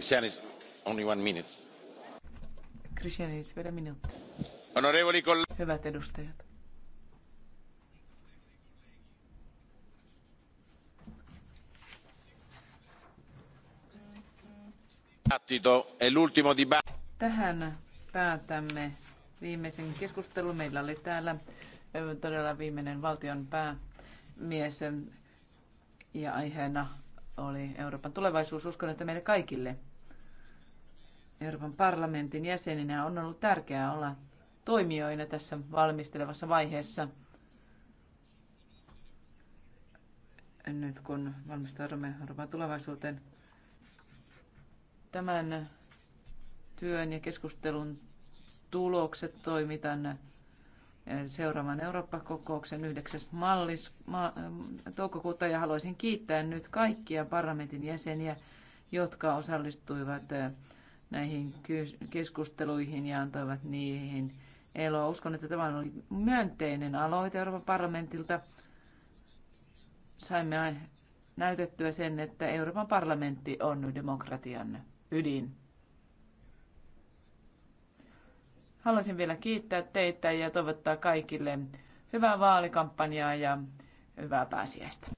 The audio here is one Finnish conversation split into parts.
Christianis, only one minute. Christianis, Hyvät edustajat. Tähän päätämme viimeisen keskustelun. Meillä oli täällä todella viimeinen valtion päämies ja aiheena oli Euroopan tulevaisuus. Uskon, että meille kaikille Euroopan parlamentin jäseninä on ollut tärkeää olla toimijoina tässä valmistelevassa vaiheessa. Nyt kun valmistaudumme Euroopan tulevaisuuteen, tämän työn ja keskustelun tulokset toimitan seuraavan Eurooppa-kokouksen 9. Mallis, ma, toukokuuta ja haluaisin kiittää nyt kaikkia parlamentin jäseniä, jotka osallistuivat näihin keskusteluihin ja antoivat niihin eloa. Uskon, että tämä oli myönteinen aloite Euroopan parlamentilta. Saimme näytettyä sen, että Euroopan parlamentti on demokratian ydin. Haluaisin vielä kiittää teitä ja toivottaa kaikille hyvää vaalikampanjaa ja hyvää pääsiäistä.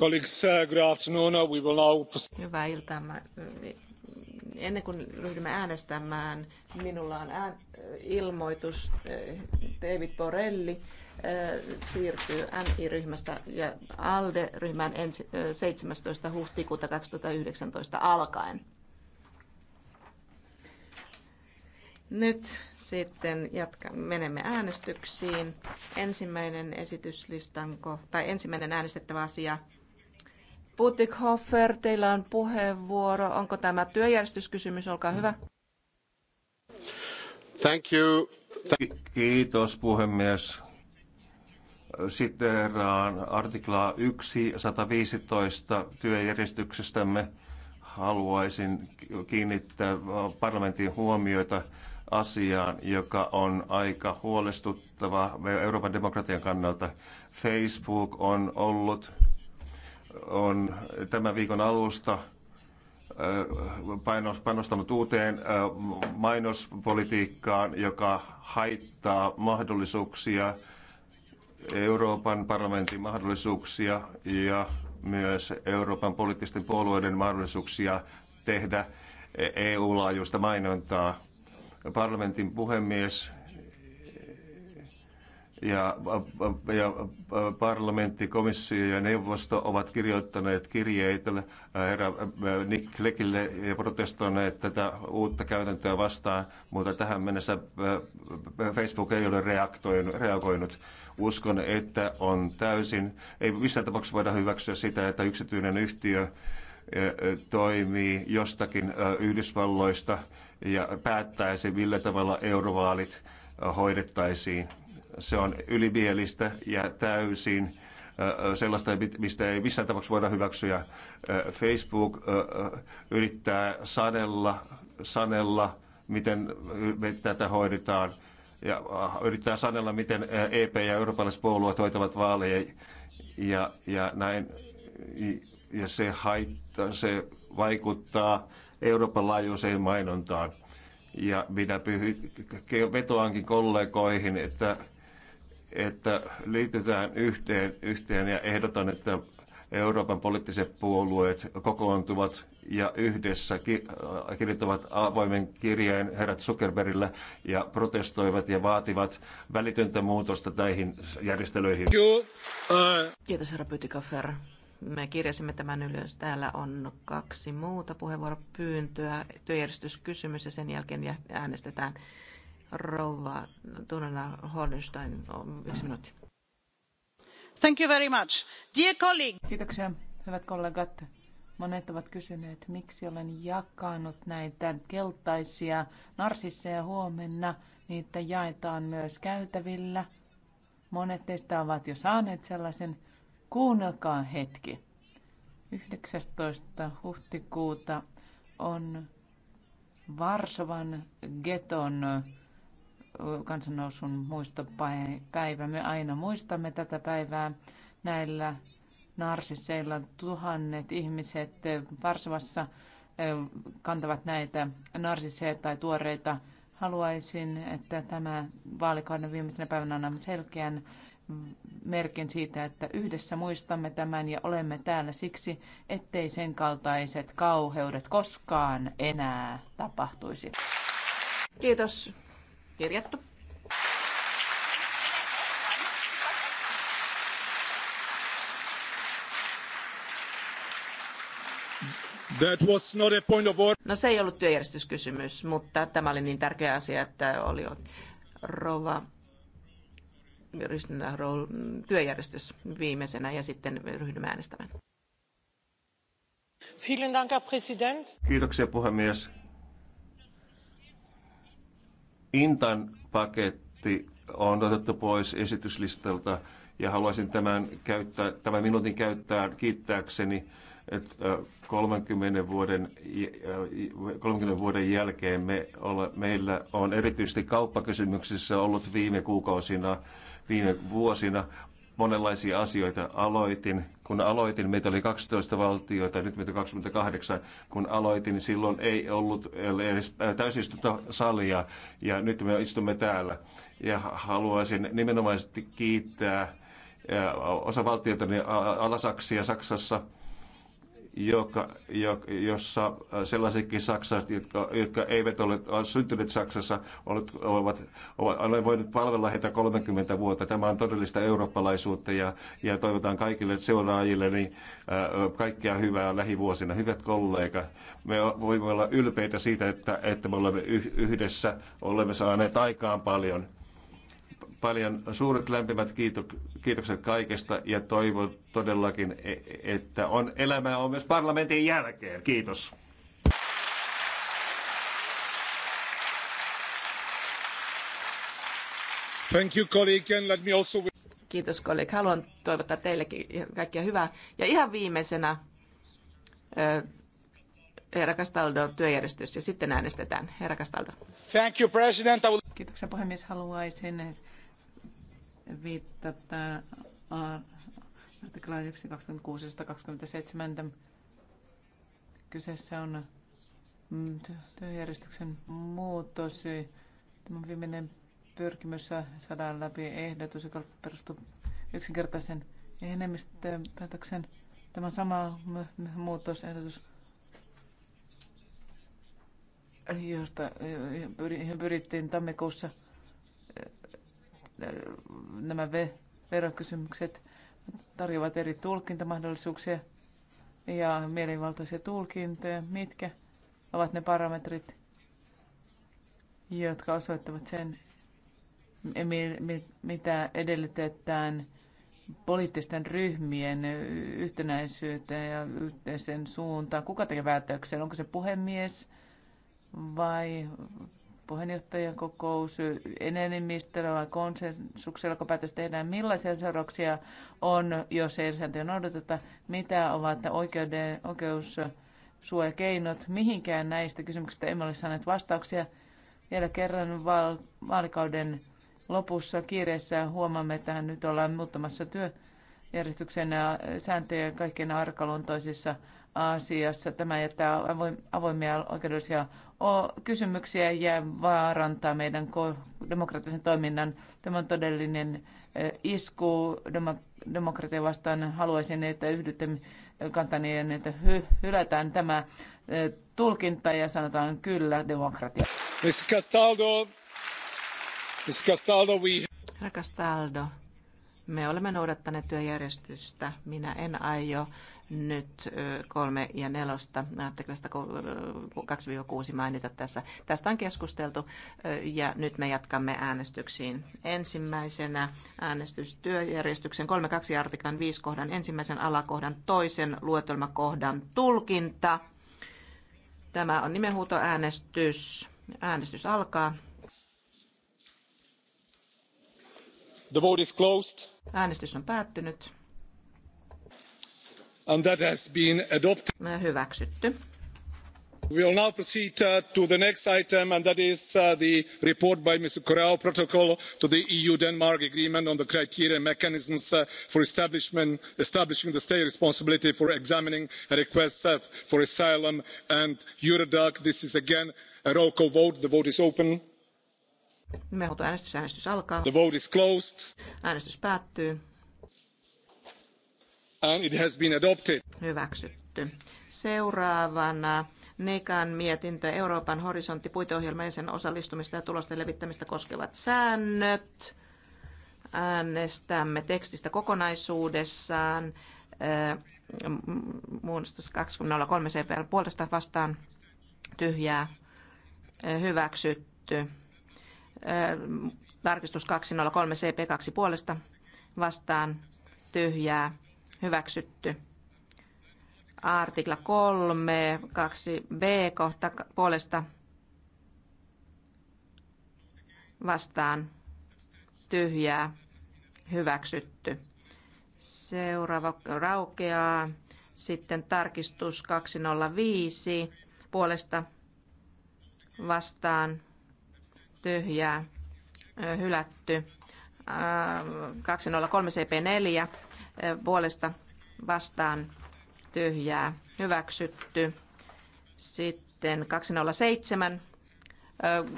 Uh, uh, Hyvää iltaa. Äh, ennen kuin ryhdymme äänestämään, minulla on ään, äh, ilmoitus. Äh, David Borelli siirtyy NI-ryhmästä ja ALDE-ryhmään 17. huhtikuuta 2019 alkaen. Nyt sitten jatka, menemme äänestyksiin. Ensimmäinen esityslistanko tai ensimmäinen äänestettävä asia Butikhofer, teillä on puheenvuoro. Onko tämä työjärjestyskysymys? Olkaa hyvä. Thank you. Kiitos puhemies. Sitten artiklaa 1 115 työjärjestyksestämme. Haluaisin kiinnittää parlamentin huomioita asiaan, joka on aika huolestuttava Euroopan demokratian kannalta. Facebook on ollut on tämän viikon alusta äh, panostanut uuteen äh, mainospolitiikkaan, joka haittaa mahdollisuuksia, Euroopan parlamentin mahdollisuuksia ja myös Euroopan poliittisten puolueiden mahdollisuuksia tehdä EU-laajuista e mainontaa. Parlamentin puhemies ja, ja parlamentti, komissio ja neuvosto ovat kirjoittaneet kirjeitä herra Nick Cleckille ja protestoineet tätä uutta käytäntöä vastaan, mutta tähän mennessä Facebook ei ole reagoinut. Uskon, että on täysin, ei missään tapauksessa voida hyväksyä sitä, että yksityinen yhtiö toimii jostakin Yhdysvalloista ja päättäisi, millä tavalla eurovaalit hoidettaisiin. Se on ylimielistä ja täysin sellaista, mistä ei missään tapauksessa voida hyväksyä. Facebook yrittää sanella, sanella miten me tätä hoidetaan ja yrittää sanella, miten EP ja eurooppalaiset puolueet hoitavat vaaleja ja, ja näin. Ja se, haittaa, se vaikuttaa Euroopan laajuiseen mainontaan. Ja minä pyyhy, vetoankin kollegoihin, että että liitetään yhteen, yhteen ja ehdotan, että Euroopan poliittiset puolueet kokoontuvat ja yhdessä äh, kirjoittavat avoimen kirjeen herrat Zuckerbergille ja protestoivat ja vaativat välitöntä muutosta näihin järjestelyihin. Äh, Kiitos herra Pytikofer. Me kirjasimme tämän ylös. Täällä on kaksi muuta puheenvuoropyyntöä, työjärjestyskysymys ja sen jälkeen äänestetään Rouva Tunana Hornstein, yksi minuutti. Thank you very much. Dear colleague. Kiitoksia, hyvät kollegat. Monet ovat kysyneet, miksi olen jakanut näitä keltaisia narsisseja huomenna. Niitä jaetaan myös käytävillä. Monet teistä ovat jo saaneet sellaisen. Kuunnelkaa hetki. 19. huhtikuuta on Varsovan geton kansannousun muistopäivä. Me aina muistamme tätä päivää näillä narsisseilla. Tuhannet ihmiset Varsovassa kantavat näitä narsisseja tai tuoreita. Haluaisin, että tämä vaalikauden viimeisenä päivänä annamme selkeän merkin siitä, että yhdessä muistamme tämän ja olemme täällä siksi, ettei sen kaltaiset kauheudet koskaan enää tapahtuisi. Kiitos kirjattu. That was not a point of order. No se ei ollut työjärjestyskysymys, mutta tämä oli niin tärkeä asia, että oli rova työjärjestys viimeisenä ja sitten ryhdymme äänestämään. Kiitoksia puhemies. Intan paketti on otettu pois esityslistalta ja haluaisin tämän, käyttää, tämän minuutin käyttää kiittääkseni, että 30 vuoden, 30 vuoden jälkeen me olla, meillä on erityisesti kauppakysymyksissä ollut viime kuukausina, viime vuosina monenlaisia asioita. Aloitin kun aloitin, meitä oli 12 valtioita, nyt meitä 28. Kun aloitin, silloin ei ollut edes täysistuntosalia ja nyt me istumme täällä. Ja haluaisin nimenomaisesti kiittää osavaltioita, niin Alasaksia Saksassa – joka, jossa äh, sellaisetkin saksalaiset, jotka, jotka eivät ole, ole äh, syntyneet Saksassa, ovat, ovat, olen voineet palvella heitä 30 vuotta. Tämä on todellista eurooppalaisuutta ja, ja toivotan kaikille seuraajille niin, ää, äh, kaikkea hyvää lähivuosina. Hyvät kollega, me voimme olla ylpeitä siitä, että, että me olemme yhdessä, olemme saaneet aikaan paljon paljon suuret lämpimät kiitokset kaikesta ja toivon todellakin, e, että on elämää on myös parlamentin jälkeen. Kiitos. Thank you, colleague, and let me also... Kiitos kollega. Haluan toivottaa teillekin kaikkia hyvää. Ja ihan viimeisenä Herra Castaldo, työjärjestys ja sitten äänestetään. Herra Castaldo. Thank you, President. will... Kiitoksia puhemies. Haluaisin viittata artikla 1.26.27. Kyseessä on mm, työjärjestyksen muutos. Tämä on viimeinen pyrkimys saada läpi ehdotus, joka perustuu yksinkertaisen enemmistöpäätöksen. Tämä sama muutosehdotus josta eh, pyrittiin tammikuussa eh, nämä verokysymykset tarjoavat eri tulkintamahdollisuuksia ja mielivaltaisia tulkintoja. Mitkä ovat ne parametrit, jotka osoittavat sen, mitä edellytetään poliittisten ryhmien yhtenäisyyteen ja yhteisen suuntaan? Kuka tekee päätöksen? Onko se puhemies? vai puheenjohtajakokous enemmistöllä vai konsensuksella, kun päätös tehdään, millaisia seurauksia on, jos ei sääntöjä noudateta, mitä ovat oikeuden, oikeussuojakeinot, mihinkään näistä kysymyksistä emme ole saaneet vastauksia. Vielä kerran vaalikauden lopussa kiireessä huomaamme, että nyt ollaan muuttamassa työ, järjestyksen sääntöjä kaikkien arkaluontoisissa asiassa. Tämä jättää avoimia oikeudellisia kysymyksiä ja vaarantaa meidän demokraattisen toiminnan. Tämä on todellinen isku demokratia vastaan. Haluaisin, että yhdytte kantanien, että hy- hylätään tämä tulkinta ja sanotaan kyllä demokratia. Mr. Castaldo, Mr. Castaldo, we... Rakas Taldo, me olemme noudattaneet työjärjestystä. Minä en aio nyt kolme ja nelosta artiklasta 2-6 mainita tässä. Tästä on keskusteltu ja nyt me jatkamme äänestyksiin. Ensimmäisenä äänestystyöjärjestyksen 3.2 artiklan 5 kohdan ensimmäisen alakohdan toisen luetelmakohdan tulkinta. Tämä on nimenhuutoäänestys. Äänestys alkaa. The vote is closed. Äänestys on päättynyt. And that has been adopted. Hyväksytty. We will now proceed uh, to the next item, and that is uh, the report by Mr. Corral Protocol to the EU-Denmark Agreement on the criteria mechanisms uh, for establishment, establishing the state responsibility for examining requests for asylum and Eurodac. This is again a roll call vote. The vote is open. Nimenhuutoäänestys. Äänestys alkaa. The vote is closed. Äänestys päättyy. And it has been adopted. Hyväksytty. Seuraavana Nekan mietintö Euroopan horisontti puiteohjelma ja sen osallistumista ja tulosten levittämistä koskevat säännöt. Äänestämme tekstistä kokonaisuudessaan. Muunnostus 203 CPL puolesta vastaan tyhjää äh, hyväksytty. Tarkistus 203 CP2 puolesta vastaan tyhjää hyväksytty. Artikla 3, 2b kohta puolesta vastaan tyhjää hyväksytty. Seuraava raukeaa. Sitten tarkistus 205 puolesta vastaan tyhjää hylätty. 203 CP4 puolesta vastaan tyhjää hyväksytty. Sitten 207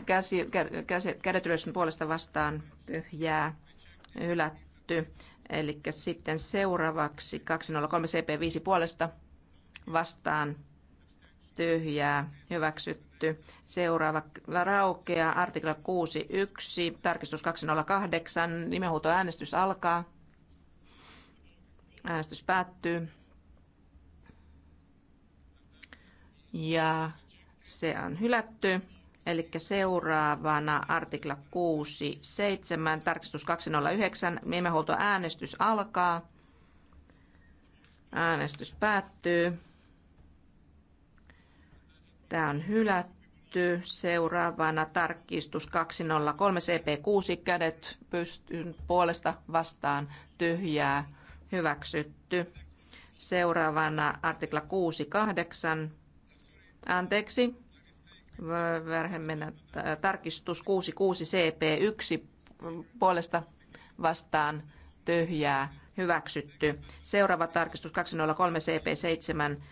käsi, käsi, kädet ylös puolesta vastaan tyhjää hylätty. Eli sitten seuraavaksi 203 CP5 puolesta vastaan tyhjää hyväksytty hyväksytty. Seuraava raukea, artikla 6.1, tarkistus 208, nimenhuuto äänestys alkaa. Äänestys päättyy. Ja se on hylätty. Eli seuraavana artikla 67 tarkistus 209, nimenhuolto äänestys alkaa. Äänestys päättyy. Tämä on hylätty. Seuraavana tarkistus 203 CP6 kädet pystyn puolesta vastaan tyhjää hyväksytty. Seuraavana artikla 6.8. Anteeksi. Värhemmennä äh, tarkistus 66 CP1 puolesta vastaan tyhjää hyväksytty. Seuraava tarkistus 203 CP7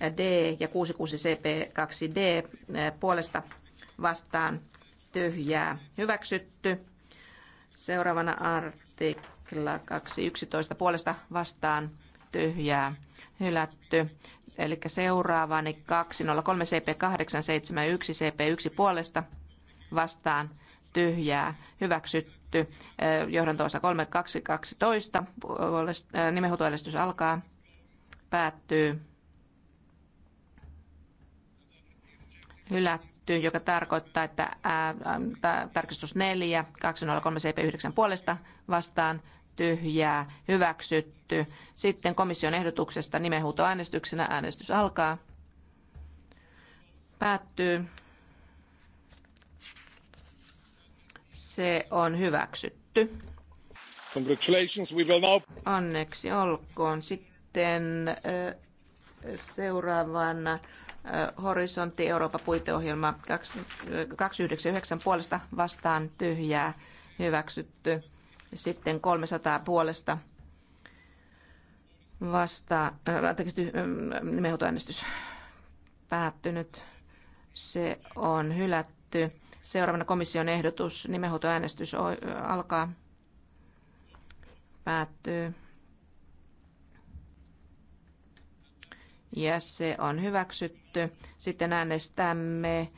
D ja 66CP2D eh, puolesta vastaan tyhjää hyväksytty. Seuraavana artikla 211 puolesta vastaan tyhjää hylätty. Eli seuraavani 203 CP871 CP1 puolesta vastaan tyhjää hyväksytty. Eh, johdantoosa 3212 puolesta eh, nimenhuutoäänestys alkaa, päättyy hylätty, joka tarkoittaa, että ää, ää, tarkistus 4, 203 CP9 puolesta vastaan tyhjää, hyväksytty. Sitten komission ehdotuksesta nimenhuutoäänestyksenä äänestys alkaa. Päättyy. Se on hyväksytty. Congratulations, we will now... Onneksi olkoon. Sitten seuraavana Horisontti Eurooppa puiteohjelma 299 puolesta vastaan tyhjää hyväksytty. Sitten 300 puolesta vastaan, anteeksi, nimenhoitoäänestys päättynyt. Se on hylätty. Seuraavana komission ehdotus, nimenhuutoäänestys alkaa, päättyy. ja se on hyväksytty. Sitten äänestämme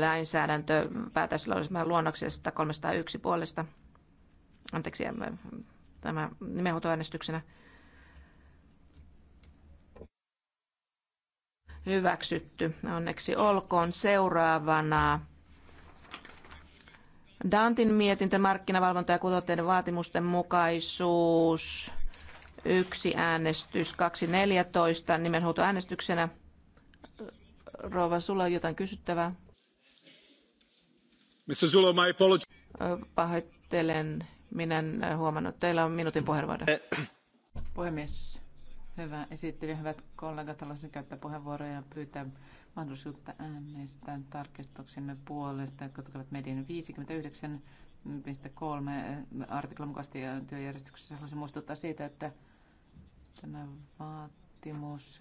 lainsäädäntö päätöslauselman luonnoksesta 301 puolesta. Anteeksi, tämä nimenhuutoäänestyksenä. Hyväksytty. Onneksi olkoon seuraavana. Dantin mietintö, markkinavalvonta ja kuluttajien vaatimusten mukaisuus. Yksi äänestys, kaksi 14 nimenhuutoäänestyksenä. Rouva Sulla on jotain kysyttävää? Mr. Zulo, my apologies. Pahoittelen, minä en huomannut. Teillä on minuutin puheenvuoro. Eh. Puhemies, hyvä esittely. Hyvät kollegat, haluaisin käyttää puheenvuoroja ja pyytää mahdollisuutta äänestää tarkistuksemme puolesta, jotka tukevat median 59.3 eh, artiklan mukaisesti työjärjestyksessä. Haluaisin muistuttaa siitä, että Tämä vaatimus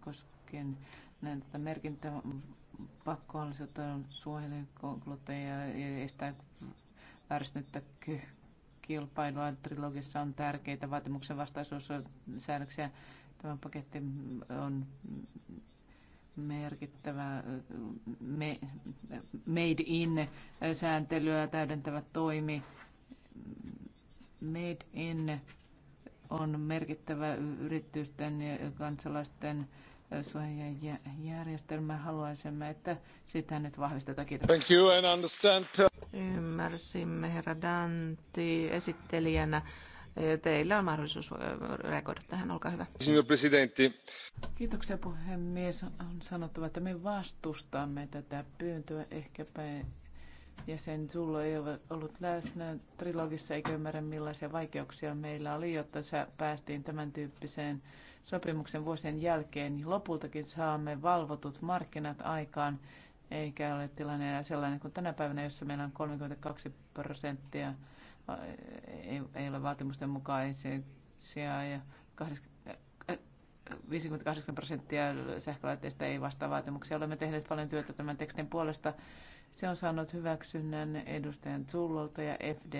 koskien näin tätä merkintäpakkollisuutta suojelee kuluttajia ja estää vääristynyttä kilpailua. Trilogissa on tärkeitä vaatimuksen vastaisuussäännöksiä. Tämä paketti on merkittävä me, made in sääntelyä täydentävä toimi. Made in on merkittävä yritysten ja kansalaisten suojajärjestelmä. Haluaisimme, että sitä nyt vahvistetaan. Kiitos. Thank you and understand. Ymmärsimme, herra Danti, esittelijänä. Teillä on mahdollisuus reagoida tähän, olkaa hyvä. Kiitoksia puhemies. On sanottava, että me vastustamme tätä pyyntöä. Ehkäpä sen Zullo ei ole ollut läsnä trilogissa eikä ymmärrä millaisia vaikeuksia meillä oli, jotta päästiin tämän tyyppiseen sopimuksen vuosien jälkeen. Niin lopultakin saamme valvotut markkinat aikaan, eikä ole tilanne enää sellainen kuin tänä päivänä, jossa meillä on 32 prosenttia, ei, ei ole vaatimusten mukaisia ja 58 äh, prosenttia sähkölaitteista ei vastaa vaatimuksia. Olemme tehneet paljon työtä tämän tekstin puolesta se on saanut hyväksynnän edustajan Zullolta ja FD,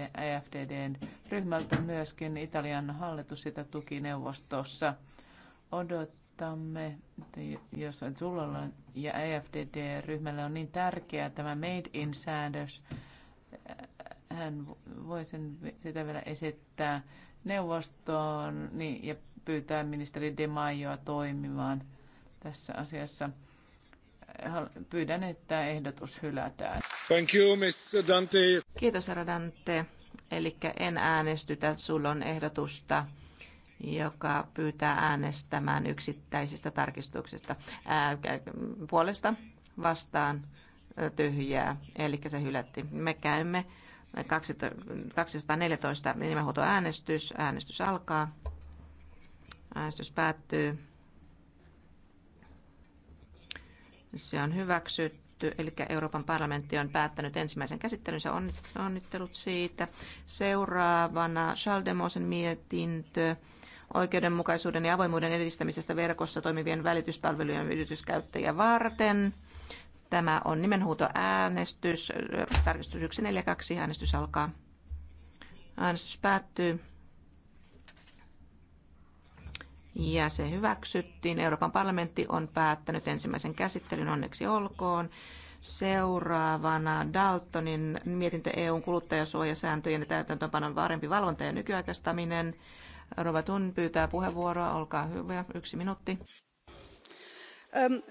FDDn ryhmältä myöskin. Italian hallitus sitä tuki neuvostossa. Odotamme, että jos Zullolla ja EFDD-ryhmällä on niin tärkeää tämä Made in-säädös, hän voi sen, sitä vielä esittää neuvostoon niin, ja pyytää ministeri De Maioa toimimaan tässä asiassa. Pyydän, että ehdotus hylätään. Thank you, Miss Dante. Kiitos, herra Dante. Eli en äänestytä Sullon ehdotusta, joka pyytää äänestämään yksittäisistä tarkistuksista. Ää, puolesta vastaan tyhjää, eli se hylätti. Me käymme 214 nimenhuutoäänestys. Äänestys alkaa. Äänestys päättyy. Se on hyväksytty, eli Euroopan parlamentti on päättänyt ensimmäisen käsittelynsä. Onnittelut siitä. Seuraavana Schaldemosen mietintö oikeudenmukaisuuden ja avoimuuden edistämisestä verkossa toimivien välityspalvelujen yrityskäyttäjiä varten. Tämä on äänestys. Tarkistus 142. Äänestys alkaa. Äänestys päättyy ja se hyväksyttiin. Euroopan parlamentti on päättänyt ensimmäisen käsittelyn, onneksi olkoon. Seuraavana Daltonin mietintö EUn kuluttajasuojasääntöjen ja täytäntöönpanon varempi valvonta ja nykyaikaistaminen. Rova Tun pyytää puheenvuoroa, olkaa hyvä, yksi minuutti. Um,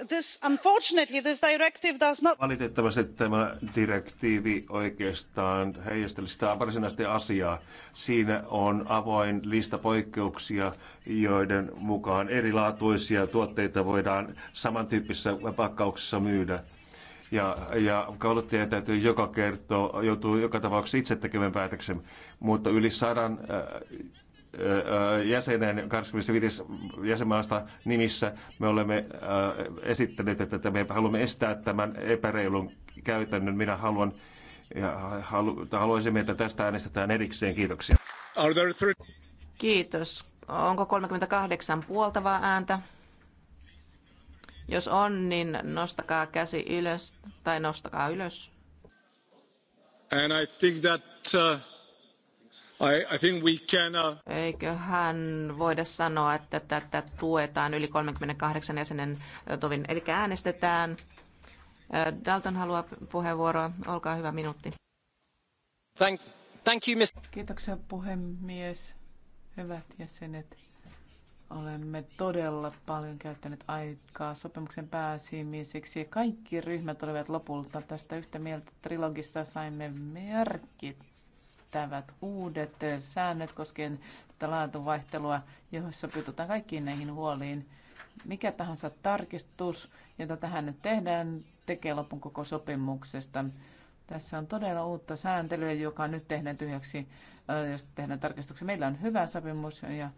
Valitettavasti tämä direktiivi oikeastaan heijastelee sitä varsinaista asiaa. Siinä on avoin lista poikkeuksia, joiden mukaan erilaatuisia tuotteita voidaan samantyyppisissä pakkauksissa myydä. Ja, ja kuluttaja täytyy joka kerta, joutuu joka tapauksessa itse tekemään päätöksen, mutta yli sadan äh, jäsenen 25 jäsenmaasta nimissä me olemme esittäneet, että me haluamme estää tämän epäreilun käytännön. Minä haluan ja halu, haluaisimme, että tästä äänestetään erikseen. Kiitoksia. Kiitos. Onko 38 puoltavaa ääntä? Jos on, niin nostakaa käsi ylös tai nostakaa ylös. And I think that, uh... I, I think we can, uh... Eiköhän voida sanoa, että tätä tuetaan yli 38 jäsenen tovin, eli äänestetään. Dalton haluaa puheenvuoroa. Olkaa hyvä, minuutti. Thank, thank you, Mr. Kiitoksia puhemies. Hyvät jäsenet. Olemme todella paljon käyttäneet aikaa sopimuksen pääsimiseksi. Kaikki ryhmät olivat lopulta tästä yhtä mieltä. Trilogissa saimme merkit riittävät uudet säännöt koskien tätä laatuvaihtelua, joissa puututaan kaikkiin näihin huoliin. Mikä tahansa tarkistus, jota tähän nyt tehdään, tekee lopun koko sopimuksesta. Tässä on todella uutta sääntelyä, joka nyt tehdään tyhjäksi, jos tehdään tarkistuksia. Meillä on hyvä sopimus ja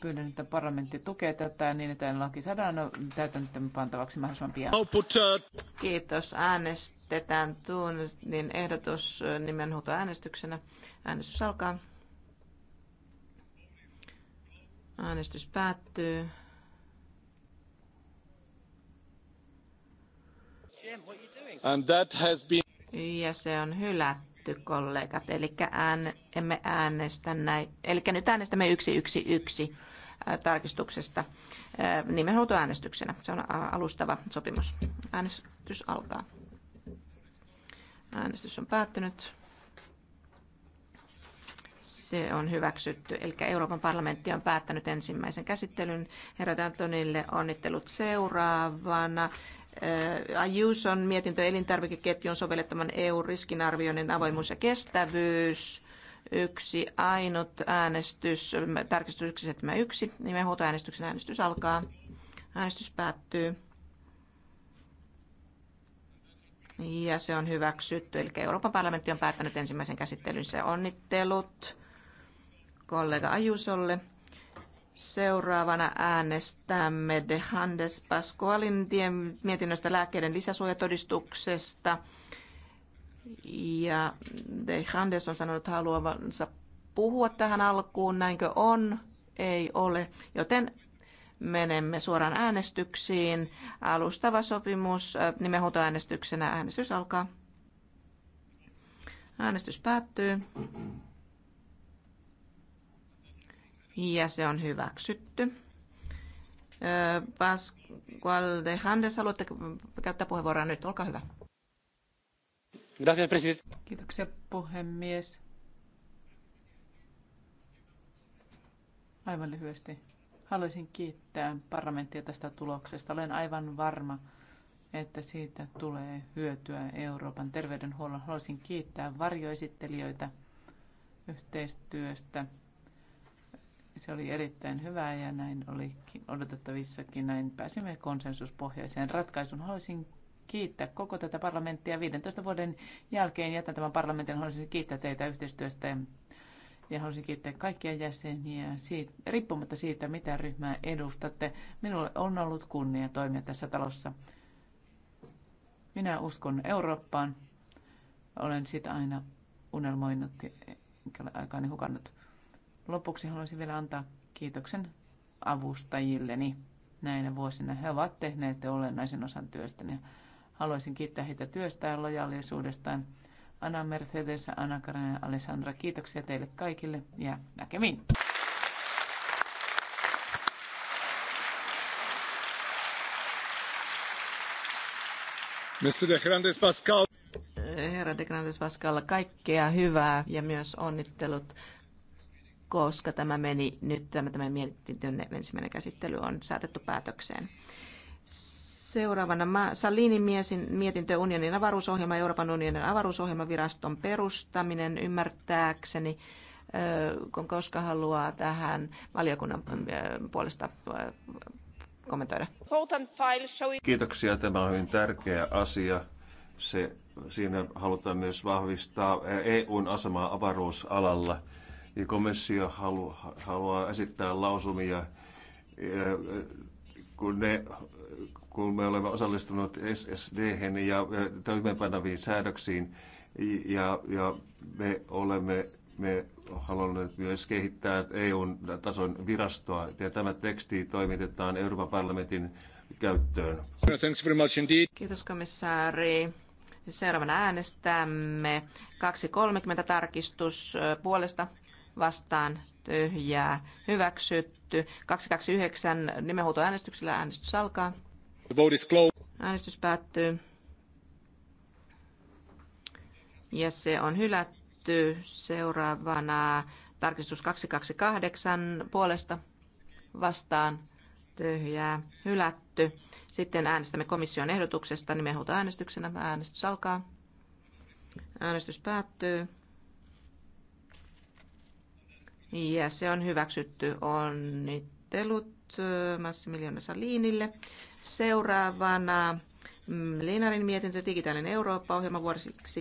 pyydän, että parlamentti tukee tätä niin, että laki saadaan täytäntöön pantavaksi mahdollisimman pian. Kiitos. Äänestetään tuon niin ehdotus nimenhuuto äänestyksenä. Äänestys alkaa. Äänestys päättyy. And that has been... Ja se on hylätty, kollegat. Eli ään, emme äänestä näin. Eli nyt äänestämme yksi tarkistuksesta nimenhuoltoäänestyksenä. Se on alustava sopimus. Äänestys alkaa. Äänestys on päättynyt. Se on hyväksytty. Eli Euroopan parlamentti on päättänyt ensimmäisen käsittelyn. Herra Dantonille onnittelut seuraavana. on mietintö elintarvikeketjun sovellettavan EU-riskinarvioinnin avoimuus ja kestävyys yksi ainut äänestys, tarkistus 171, nimenhuutoäänestyksen äänestys alkaa. Äänestys päättyy. Ja se on hyväksytty, eli Euroopan parlamentti on päättänyt ensimmäisen käsittelynsä onnittelut kollega Ajusolle. Seuraavana äänestämme De Handes Pasqualin mietinnöstä lääkkeiden lisäsuojatodistuksesta. Ja De Handes on sanonut haluavansa puhua tähän alkuun, näinkö on? Ei ole, joten menemme suoraan äänestyksiin. Alustava sopimus äh, nimenhuutoäänestyksenä. Äänestys alkaa. Äänestys päättyy. Ja se on hyväksytty. Äh, Pascual de Handes, haluatte käyttää puheenvuoroa nyt? Olkaa hyvä. Kiitoksia puhemies. Aivan lyhyesti. Haluaisin kiittää parlamenttia tästä tuloksesta. Olen aivan varma, että siitä tulee hyötyä Euroopan terveydenhuollon. Haluaisin kiittää varjoesittelijöitä yhteistyöstä. Se oli erittäin hyvää ja näin oli odotettavissakin. Näin pääsimme konsensuspohjaiseen ratkaisuun. Haluaisin kiittää koko tätä parlamenttia. 15 vuoden jälkeen jätän tämän parlamentin. Haluaisin kiittää teitä yhteistyöstä ja haluaisin kiittää kaikkia jäseniä siitä, riippumatta siitä, mitä ryhmää edustatte. Minulle on ollut kunnia toimia tässä talossa. Minä uskon Eurooppaan. Olen sitä aina unelmoinut enkä ole aikaani hukannut. Lopuksi haluaisin vielä antaa kiitoksen avustajilleni näinä vuosina. He ovat tehneet olennaisen osan työstäni. Haluaisin kiittää heitä työstään, lojaalisuudestaan. Anna Mercedes, Anna Karin ja Alessandra, kiitoksia teille kaikille ja näkemiin. Mr. De Grandes Pascal. Herra De Grandes Pascal, kaikkea hyvää ja myös onnittelut, koska tämä meni nyt, tämä, tämä mietintön ensimmäinen käsittely on saatettu päätökseen. Seuraavana Salinin mietintö unionin avaruusohjelma, Euroopan unionin avaruusohjelmaviraston perustaminen ymmärtääkseni, koska haluaa tähän valiokunnan puolesta kommentoida. Kiitoksia, tämä on hyvin tärkeä asia. Se, siinä halutaan myös vahvistaa EUn asemaa avaruusalalla. Ja komissio halu, haluaa esittää lausumia kun ne kun me olemme osallistuneet ssd ja toimeenpanaviin säädöksiin ja, ja me olemme me halunneet myös kehittää eu tason virastoa ja tämä teksti toimitetaan Euroopan parlamentin käyttöön. very much Kiitos komissaari. Seuraavana äänestämme 2.30 tarkistus puolesta vastaan tyhjää hyväksytty. 229 nimenhuutoäänestyksellä äänestys alkaa. The vote is closed. Äänestys päättyy. Ja se on hylätty. Seuraavana tarkistus 228 puolesta vastaan tyhjää hylätty. Sitten äänestämme komission ehdotuksesta äänestyksenä, Äänestys alkaa. Äänestys päättyy. Ja se on hyväksytty. Onnittelut äh, Massimiliona Salinille. Seuraavana mm, Linarin mietintö Digitaalinen Eurooppa-ohjelma vuosiksi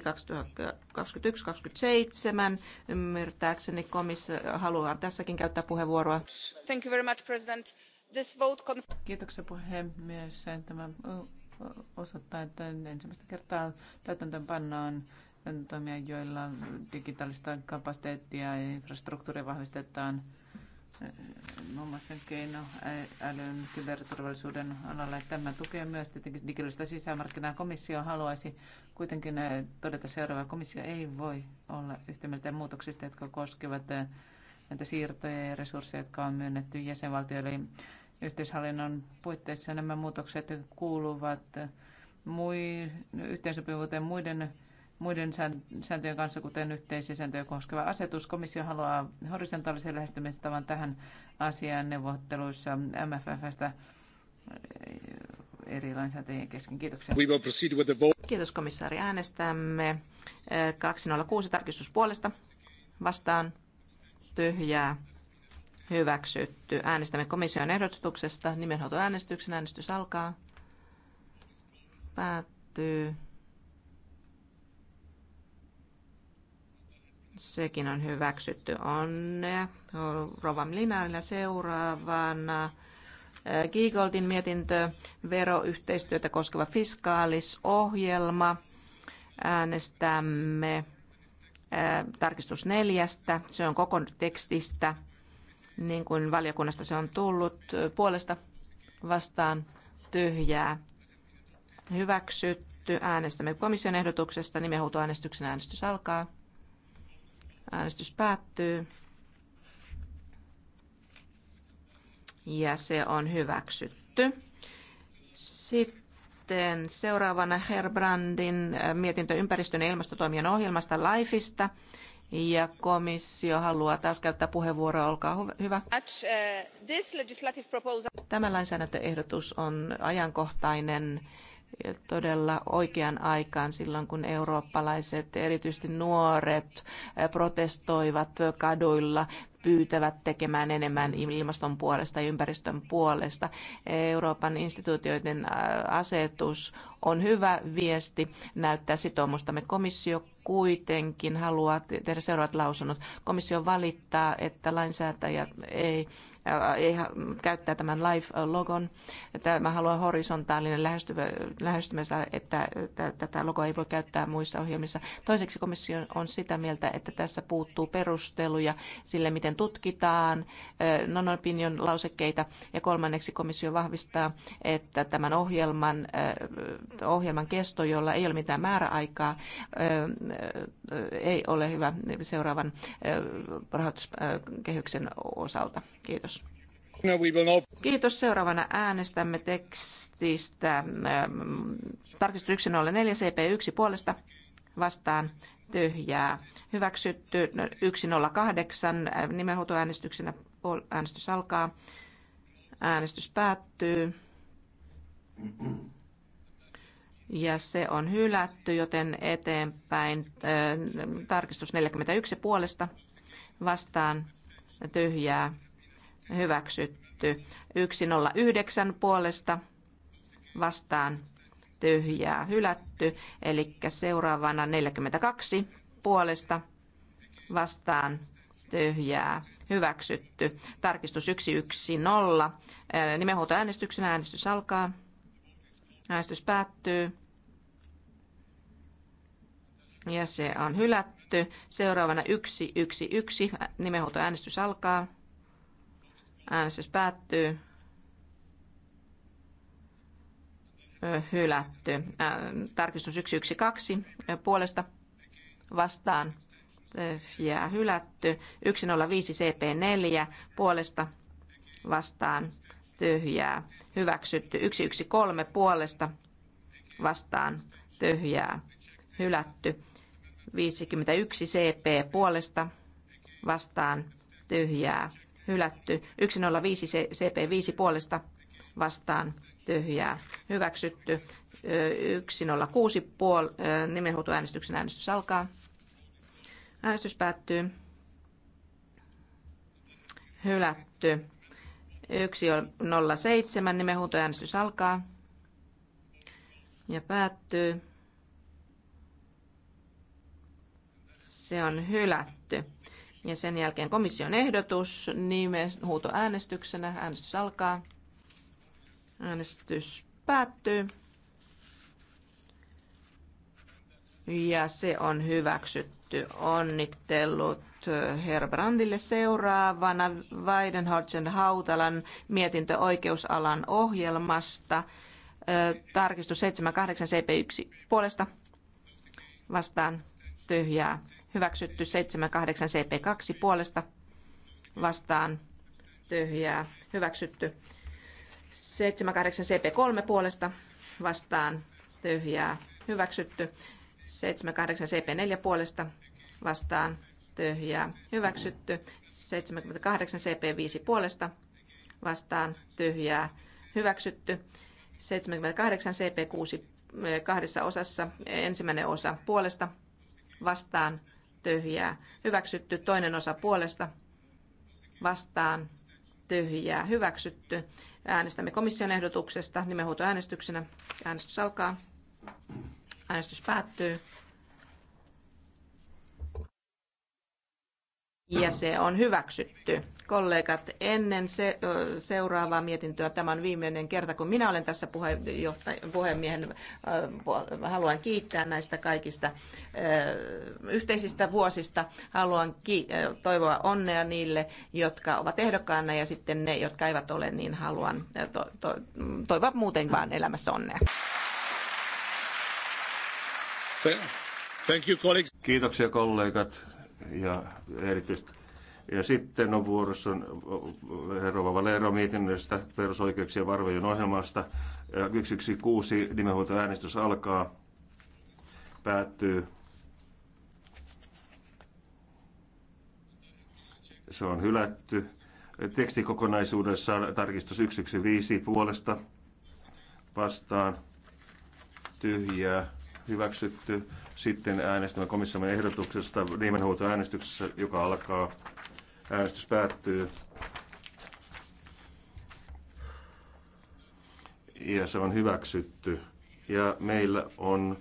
2021-2027. Ymmärtääkseni komissio haluaa tässäkin käyttää puheenvuoroa. Thank you very much, President. This vote con- Kiitoksia puhemies. Tämä osoittaa, että ensimmäistä kertaa täytäntöön pannaan toimia, joilla digitaalista kapasiteettia ja infrastruktuuria vahvistetaan – muun muassa keinoälyn kyberturvallisuuden alalla. Tämä tukee myös tietenkin digitaalista sisämarkkinaa. Komissio haluaisi kuitenkin eh, todeta seuraavaa. Komissio ei voi olla yhtä mieltä muutoksista, jotka koskevat eh, näitä siirtoja ja resursseja, jotka on myönnetty jäsenvaltioille yhteishallinnon puitteissa. Nämä muutokset kuuluvat mui, yhteensopivuuteen muiden muiden sääntöjen kanssa, kuten yhteisiä sääntöjä koskeva asetus. Komissio haluaa horisontaalisen lähestymistavan tähän asiaan neuvotteluissa MFFstä eri lainsäätäjien kesken. Kiitoksia. Kiitos komissaari. Äänestämme 206 eh, tarkistuspuolesta vastaan tyhjää hyväksytty. Äänestämme komission ehdotuksesta. Nimenhoitoäänestyksen äänestys alkaa. Päättyy. Sekin on hyväksytty. Onnea. Rova Linaarilla seuraavana. Äh, Giegoldin mietintö, veroyhteistyötä koskeva fiskaalisohjelma. Äänestämme äh, tarkistus neljästä. Se on koko tekstistä, niin kuin valiokunnasta se on tullut. Äh, puolesta vastaan tyhjää. Hyväksytty. Äänestämme komission ehdotuksesta. Nimenhuutoäänestyksen äänestys alkaa. Äänestys päättyy. Ja se on hyväksytty. Sitten seuraavana Herbrandin äh, mietintö ympäristön ja ilmastotoimien ohjelmasta LIFEista. Ja komissio haluaa taas käyttää puheenvuoroa. Olkaa hyvä. Äh, Tämä lainsäädäntöehdotus on ajankohtainen todella oikean aikaan silloin, kun eurooppalaiset, erityisesti nuoret, protestoivat kaduilla, pyytävät tekemään enemmän ilmaston puolesta ja ympäristön puolesta. Euroopan instituutioiden asetus on hyvä viesti näyttää sitoumustamme komissio kuitenkin haluaa tehdä seuraavat lausunnot. Komissio valittaa, että lainsäätäjä ei, äh, ei käyttää tämän LIFE-logon. Tämä haluaa horisontaalinen lähestymistä, että tätä logoa ei voi käyttää muissa ohjelmissa. Toiseksi komissio on sitä mieltä, että tässä puuttuu perusteluja sille, miten tutkitaan äh, non-opinion lausekkeita. Ja kolmanneksi komissio vahvistaa, että tämän ohjelman, äh, ohjelman kesto, jolla ei ole mitään määräaikaa, ei ole hyvä seuraavan rahoituskehyksen osalta. Kiitos. No, Kiitos. Seuraavana äänestämme tekstistä tarkistus 104 CP1 puolesta vastaan tyhjää. Hyväksytty 108 no, nimenhuutoäänestyksenä äänestys alkaa. Äänestys päättyy ja se on hylätty, joten eteenpäin tarkistus 41 puolesta vastaan tyhjää hyväksytty. 109 puolesta vastaan tyhjää hylätty, eli seuraavana 42 puolesta vastaan tyhjää hyväksytty. Tarkistus 110. Nimenhuutoäänestyksen äänestys alkaa. Äänestys päättyy. Ja se on hylätty. Seuraavana 1, 1, 111. Nimenhuoltoäänestys alkaa. Äänestys päättyy. Hylätty. Tarkistus 1, 1, 2. puolesta vastaan jää hylätty. 105 CP4 puolesta vastaan tyhjää hyväksytty. 113 puolesta vastaan tyhjää hylätty. 51 CP puolesta vastaan tyhjää hylätty. 105 CP5 puolesta vastaan tyhjää hyväksytty. 106 puol- nimenhuutoäänestyksen äänestys alkaa. Äänestys päättyy. Hylätty. 107, nimenhuutoäänestys niin alkaa ja päättyy. Se on hylätty. Ja sen jälkeen komission ehdotus nimenhuutoäänestyksenä. Niin äänestys alkaa. Äänestys päättyy. Ja se on hyväksytty hyväksytty. Onnittelut eh, Brandille seuraavana Weidenholzen Hautalan mietintö oikeusalan ohjelmasta. Eh, tarkistus 78 CP1 puolesta vastaan tyhjää. Hyväksytty 78 CP2 puolesta vastaan tyhjää. Hyväksytty 78 CP3 puolesta vastaan tyhjää. Hyväksytty 78 CP4 puolesta vastaan tyhjää hyväksytty. 78 CP5 puolesta vastaan tyhjää hyväksytty. 78 CP6 eh, kahdessa osassa ensimmäinen osa puolesta vastaan tyhjää hyväksytty. Toinen osa puolesta vastaan tyhjää hyväksytty. Äänestämme komission ehdotuksesta nimenhuutoäänestyksenä. Äänestys alkaa. Äänestys päättyy. Ja se on hyväksytty. Kollegat, ennen se, seuraavaa mietintöä, tämä on viimeinen kerta, kun minä olen tässä puhemiehen, haluan kiittää näistä kaikista yhteisistä vuosista. Haluan toivoa onnea niille, jotka ovat ehdokkaana ja sitten ne, jotka eivät ole, niin haluan to, to, toivoa muuten vaan elämässä onnea. Thank you, colleagues. Kiitoksia kollegat ja erityisesti. Ja sitten on vuorossa herra Valero mietinnöstä perusoikeuksien varvojen ohjelmasta. 116 nimenhuoltoäänestys alkaa, päättyy. Se on hylätty. Tekstikokonaisuudessaan tarkistus 115 puolesta vastaan tyhjää hyväksytty. Sitten äänestämme komissamme ehdotuksesta nimenhuoltoäänestyksessä, joka alkaa. Äänestys päättyy. Ja se on hyväksytty. Ja meillä on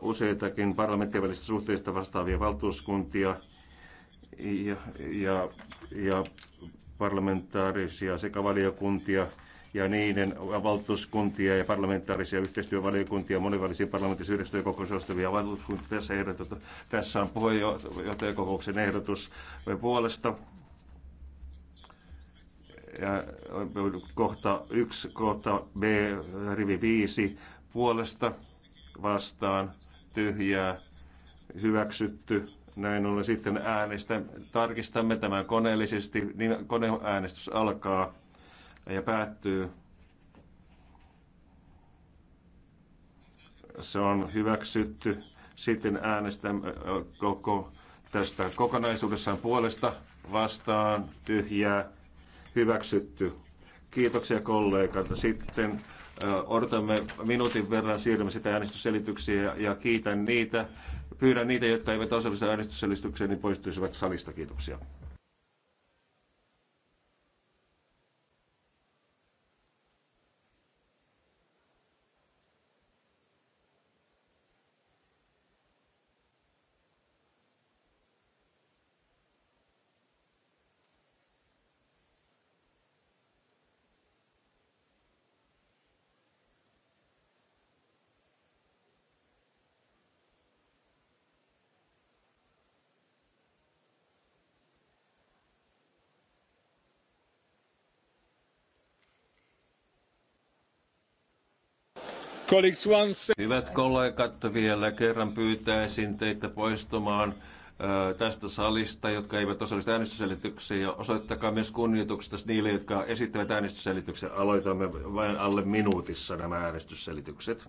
useitakin parlamenttien välistä suhteista vastaavia valtuuskuntia ja, ja, ja parlamentaarisia sekä valiokuntia ja niiden valtuuskuntia ja parlamentaarisia yhteistyövaliokuntia, monivälisiä parlamentaarisia yhteistyökokouksia ostavia valtuuskuntia. Tässä, ehdotettu, tässä on puheenjohtajakokouksen ehdotus puolesta. Ja kohta 1, kohta B, rivi 5 puolesta vastaan tyhjää hyväksytty. Näin ollen sitten äänestä. Tarkistamme tämän koneellisesti. Niin koneäänestys alkaa ja päättyy. Se on hyväksytty. Sitten äänestämme koko tästä kokonaisuudessaan puolesta vastaan tyhjää hyväksytty. Kiitoksia kollegat. Sitten odotamme minuutin verran, siirrymme sitä äänestysselityksiä ja kiitän niitä. Pyydän niitä, jotka eivät osallistu äänestysselitykseen, niin poistuisivat salista. Kiitoksia. Hyvät kollegat, vielä kerran pyytäisin teitä poistumaan tästä salista, jotka eivät osallistu äänestysselitykseen, ja osoittakaa myös kunnioituksesta niille, jotka esittävät äänestyselityksen. Aloitamme vain alle minuutissa nämä äänestysselitykset.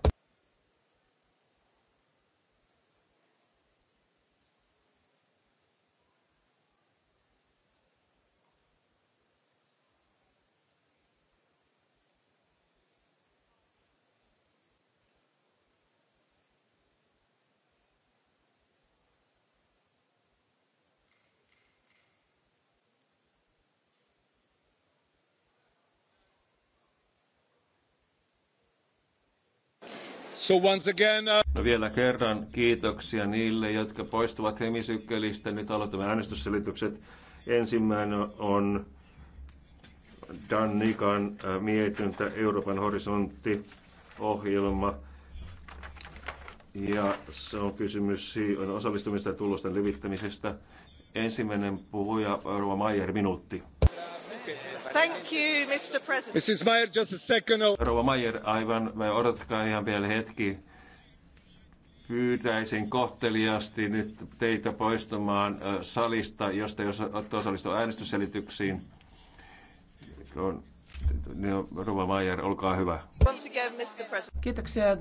So once again, uh... no vielä kerran kiitoksia niille, jotka poistuvat hemisykkelistä. Nyt aloitamme äänestysselitykset. Ensimmäinen on Dan Nikan äh, mietintö Euroopan horisontti ohjelma. Ja se on kysymys on osallistumista ja tulosten levittämisestä. Ensimmäinen puhuja, Rova Maier, minuutti. Mrs. Meyer, just a second. Rouva Meyer, aivan, odottakaa ihan vielä hetki. Pyytäisin kohteliasti nyt teitä poistumaan salista, josta jos osallistuu äänestysselityksiin. No, Rouva Rova olkaa hyvä. Kiitoksia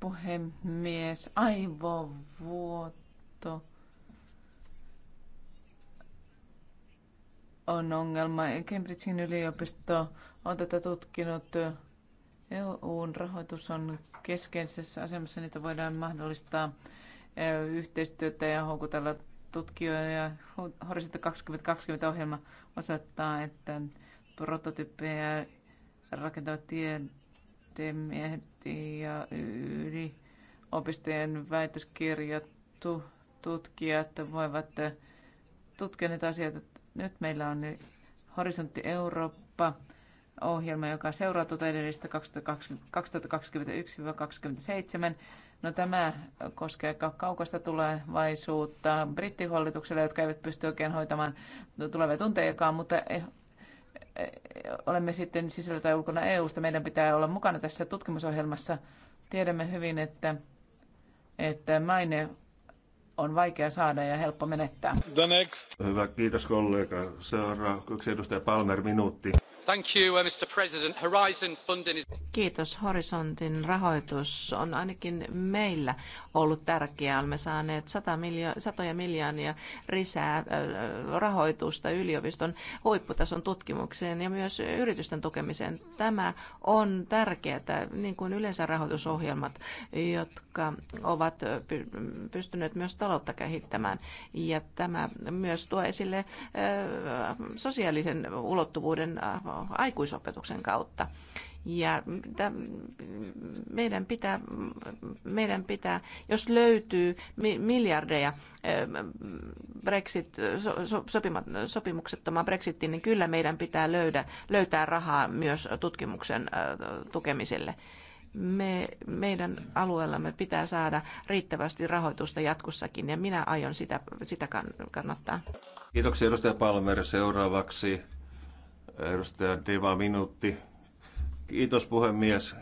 puhemies. Aivovuoto on ongelma. Cambridgein yliopisto on tätä tutkinut. EUn rahoitus on keskeisessä asemassa, niitä voidaan mahdollistaa e, yhteistyötä ja houkutella tutkijoita. Ja Horisontti 2020-ohjelma osoittaa, että prototyyppejä rakentavat tiedemiehet ja yliopistojen väitöskirjat, tutkijat voivat tutkia näitä asioita nyt meillä on nyt Horisontti Eurooppa ohjelma, joka seuraa tuota edellistä 2021-2027. No tämä koskee aika kaukasta tulevaisuutta brittihallitukselle, jotka eivät pysty oikein hoitamaan tulevia tuntejakaan, mutta e, e, olemme sitten sisällä tai ulkona EUsta. Meidän pitää olla mukana tässä tutkimusohjelmassa. Tiedämme hyvin, että, että maine on vaikea saada ja helppo menettää. The next. Hyvä, kiitos kollega. Seuraavaksi edustaja Palmer, minuutti. Uh, Kiitos. Horisontin rahoitus on ainakin meillä ollut tärkeää. Olemme saaneet satoja miljoonia lisää rahoitusta yliopiston huipputason tutkimukseen ja myös yritysten tukemiseen. Tämä on tärkeää, niin kuin yleensä rahoitusohjelmat, jotka ovat pystyneet myös taloutta kehittämään. Ja tämä myös tuo esille sosiaalisen ulottuvuuden aikuisopetuksen kautta. Ja meidän pitää, meidän pitää, jos löytyy miljardeja Brexit, sopimuksettomaan brexitiin, niin kyllä meidän pitää löydä, löytää rahaa myös tutkimuksen tukemiselle me, meidän alueellamme pitää saada riittävästi rahoitusta jatkossakin ja minä aion sitä, sitä kannattaa. Kiitoksia edustaja Palmer. Seuraavaksi Edustaja Deva, minuutti. Kiitos puhemies.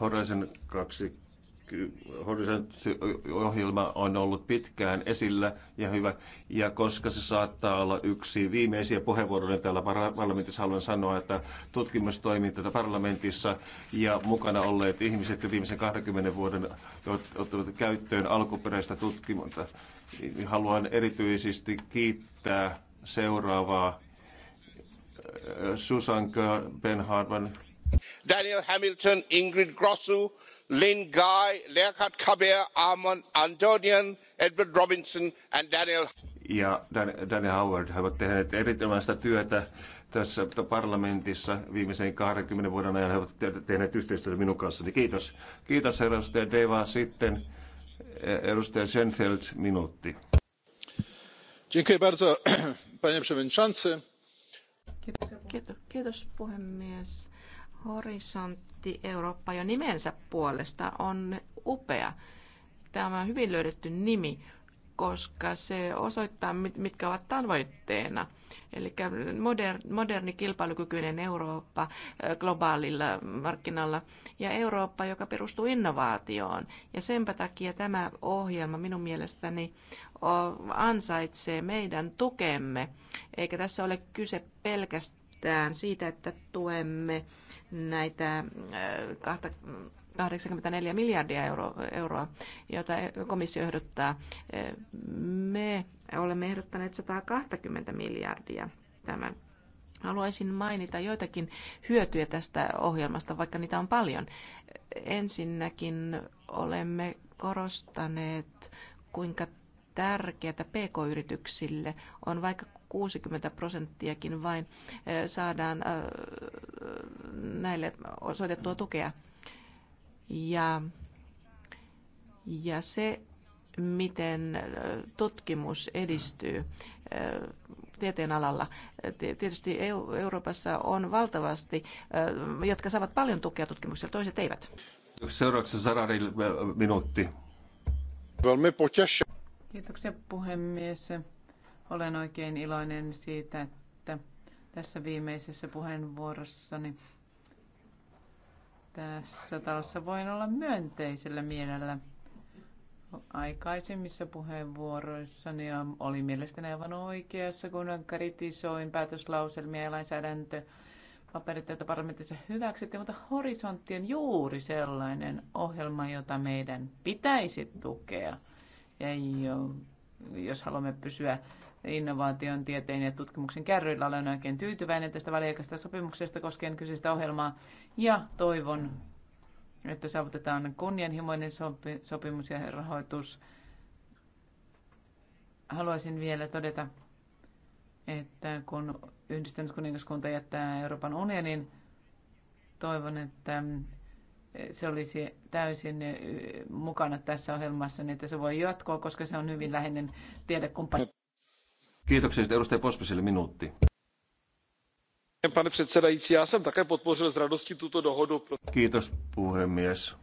Horisen, kaksi, Horisen ohjelma on ollut pitkään esillä ja hyvä. Ja koska se saattaa olla yksi viimeisiä puheenvuoroja täällä parlamentissa, haluan sanoa, että tutkimustoiminta parlamentissa ja mukana olleet ihmiset jo viimeisen 20 vuoden ottavat käyttöön alkuperäistä tutkimusta. Haluan erityisesti kiittää seuraavaa Susan Ben Hardman. Daniel Hamilton, Ingrid Grossu, Lynn Guy, Leakat Kaber, Armand Antonian, Edward Robinson and Daniel. Ja Danny Daniel Howard he ovat tehneet erityistä työtä tässä parlamentissa viimeisen 20 vuoden ajan. He ovat tehneet yhteistyötä minun kanssani. Kiitos. Kiitos edustaja Deva. Sitten eh, edustaja Schenfeld, minuutti. Dziękuję bardzo, panie przewodniczący Kiitos, Kiitos puhemies. Horisontti Eurooppa jo nimensä puolesta on upea. Tämä on hyvin löydetty nimi koska se osoittaa, mitkä ovat tavoitteena. Eli moderni kilpailukykyinen Eurooppa globaalilla markkinalla ja Eurooppa, joka perustuu innovaatioon. Ja senpä takia tämä ohjelma minun mielestäni ansaitsee meidän tukemme, eikä tässä ole kyse pelkästään siitä, että tuemme näitä kahta 84 miljardia euro, euroa, jota komissio ehdottaa. Me olemme ehdottaneet 120 miljardia tämän. Haluaisin mainita joitakin hyötyjä tästä ohjelmasta, vaikka niitä on paljon. Ensinnäkin olemme korostaneet, kuinka tärkeätä pk-yrityksille on vaikka 60 prosenttiakin vain eh, saadaan eh, näille osoitettua tukea ja, ja se, miten tutkimus edistyy tieteen alalla. Tietysti e Euroopassa on valtavasti, jotka saavat paljon tukea tutkimuksella, toiset eivät. Seuraavaksi Sarari minuutti. Kiitoksia puhemies. Olen oikein iloinen siitä, että tässä viimeisessä puheenvuorossani tässä talossa voin olla myönteisellä mielellä. Aikaisemmissa puheenvuoroissani oli mielestäni aivan oikeassa, kun kritisoin päätöslauselmia ja lainsäädäntö paperit, joita parlamentissa hyväksyttiin, mutta horisontti on juuri sellainen ohjelma, jota meidän pitäisi tukea. Ja jo, jos haluamme pysyä innovaation, tieteen ja tutkimuksen kärryillä. Olen oikein tyytyväinen tästä väliaikaisesta sopimuksesta koskien kyseistä ohjelmaa ja toivon, että saavutetaan kunnianhimoinen sopi- sopimus ja rahoitus. Haluaisin vielä todeta, että kun yhdistynyt kuningaskunta jättää Euroopan unionin, toivon, että se olisi täysin mukana tässä ohjelmassa, niin että se voi jatkoa, koska se on hyvin läheinen tiedekumppani. Kiitoksia sitten edustaja Pospiselle minuutti. Pane předsedající, já jsem také podpořil s radostí tuto dohodu. Kiitos puhemies.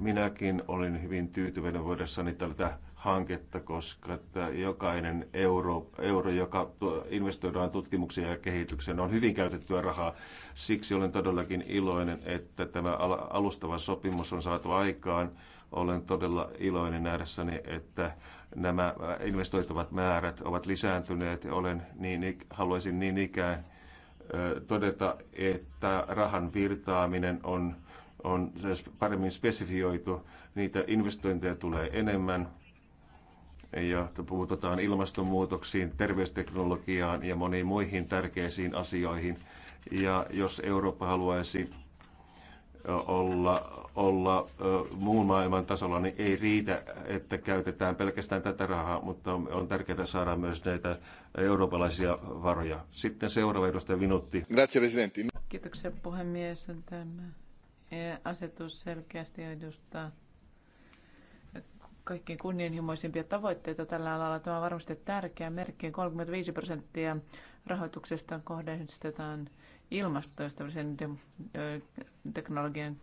Minäkin olin hyvin tyytyväinen voidessani tältä hanketta, koska jokainen euro, euro joka investoidaan tutkimukseen ja kehitykseen, on hyvin käytettyä rahaa. Siksi olen todellakin iloinen, että tämä alustava sopimus on saatu aikaan olen todella iloinen nähdessäni, että nämä investoitavat määrät ovat lisääntyneet. Olen niin, haluaisin niin ikään todeta, että rahan virtaaminen on, on paremmin spesifioitu. Niitä investointeja tulee enemmän, ja puhutaan ilmastonmuutoksiin, terveysteknologiaan ja moniin muihin tärkeisiin asioihin. Ja jos Eurooppa haluaisi olla olla muun maailman tasolla, niin ei riitä, että käytetään pelkästään tätä rahaa, mutta on tärkeää saada myös näitä eurooppalaisia varoja. Sitten seuraava edustaja Vinutti. Grazie, presidentti. Kiitoksia puhemies. Tämä asetus selkeästi edustaa kaikkein kunnianhimoisimpia tavoitteita tällä alalla. Tämä on varmasti tärkeä merkki. 35 prosenttia rahoituksesta kohdistetaan ilmastoystävällisen teknologian